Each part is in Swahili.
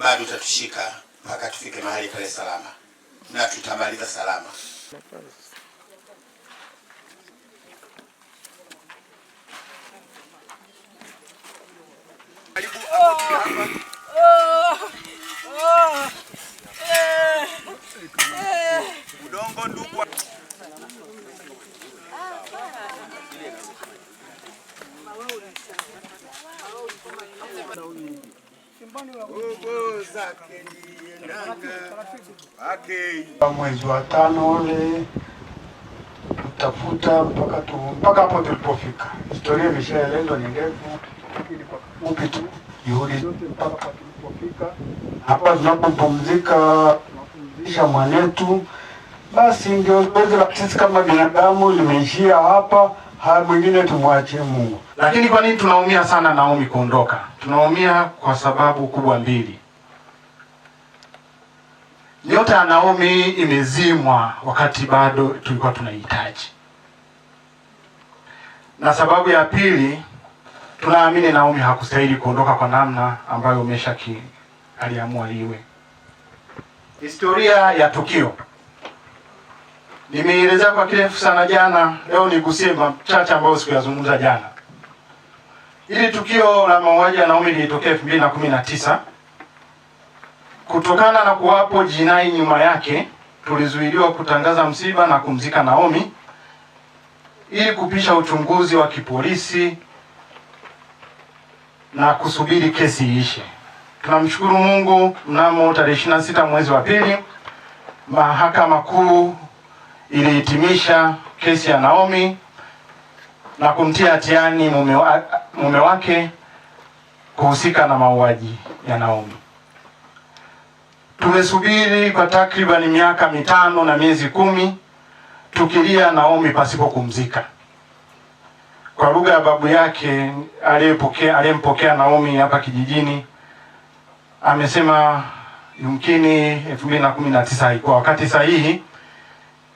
bado utatushika mpaka tufike mahali pale salama, na tutamaliza salama. Mwezi wa tano ule kutafuta mpaka tu mpaka hapo tulipofika. Historia imeshaelezwa ni ndefu, lakini kwa kifupi tu juhudi mpaka tulipofika hapa. tunapumzisha mwanetu, basi ndio zoezi la sisi kama binadamu limeishia hapa haya mwingine tumwachie Mungu. Lakini kwa nini tunaumia sana Naomi kuondoka? Tunaumia kwa sababu kubwa mbili. Nyota ya Naomi imezimwa wakati bado tulikuwa tunahitaji, na sababu ya pili, tunaamini Naomi hakustahili kuondoka kwa namna ambayo Meshaki aliamua iwe. Historia ya tukio Nimeelezea kwa kirefu sana jana, leo nigusie machache ambayo sikuyazungumza jana. ili tukio la mauaji ya Naomi lilitokea 2019. Kutokana na kuwapo jinai nyuma yake, tulizuiliwa kutangaza msiba na kumzika Naomi ili kupisha uchunguzi wa kipolisi na kusubiri kesi iishe. Tunamshukuru Mungu, mnamo tarehe 26 mwezi wa pili, Mahakama Kuu ilihitimisha kesi ya Naomi na kumtia hatiani mume, wa, mume wake kuhusika na mauaji ya Naomi. Tumesubiri kwa takribani miaka mitano na miezi kumi tukilia Naomi pasipo kumzika. Kwa lugha ya babu yake aliyepokea aliyempokea Naomi hapa kijijini amesema yumkini elfu na kumi na haikuwa wakati sahihi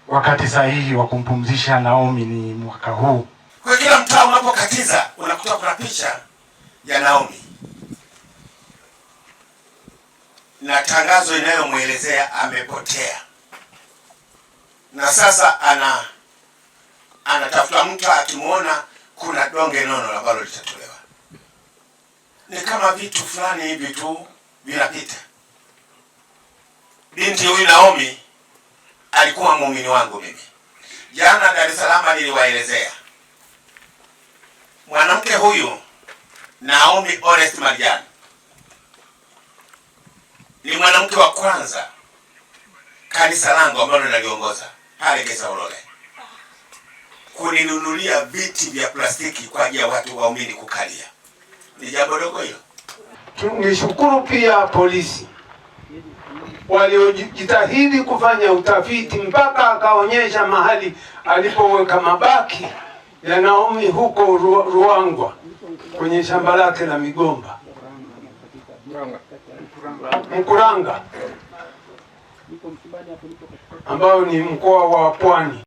wakati sahihi wa kumpumzisha Naomi ni mwaka huu. Kwa kila mtaa unapokatiza unakuta kuna picha ya Naomi na tangazo inayomwelezea amepotea, na sasa ana anatafuta mtu, akimwona kuna donge nono ambalo litatolewa. Ni kama vitu fulani hivi tu vinapita. Binti huyu Naomi alikuwa muumini wangu mimi. Jana Dar es Salaam niliwaelezea mwanamke huyu Naomi Orest marian ni mwanamke wa kwanza kanisa langu ambalo naliongoza pale Gesaulole kuninunulia viti vya plastiki kwa ajili ya watu waumini kukalia. Ni jambo dogo hilo. Nishukuru pia polisi waliojitahidi kufanya utafiti mpaka akaonyesha mahali alipoweka mabaki ya Naomi huko Ruangwa kwenye shamba lake la migomba Mkuranga, ambao ni mkoa wa Pwani.